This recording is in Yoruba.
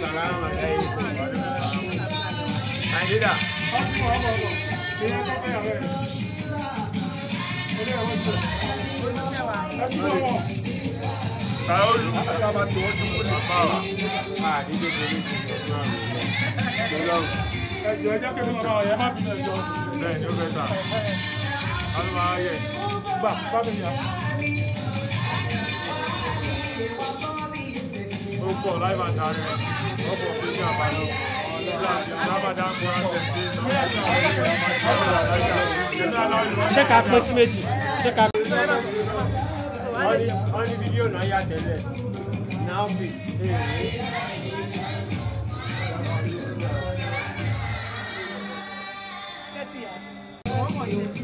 Salamat kay tó pọ̀ láì bá darí rẹ̀ ọ̀pọ̀ fi ní ká pín sí méjì ṣé fídíò náà yà tẹ́lẹ̀ now fit. Thank you.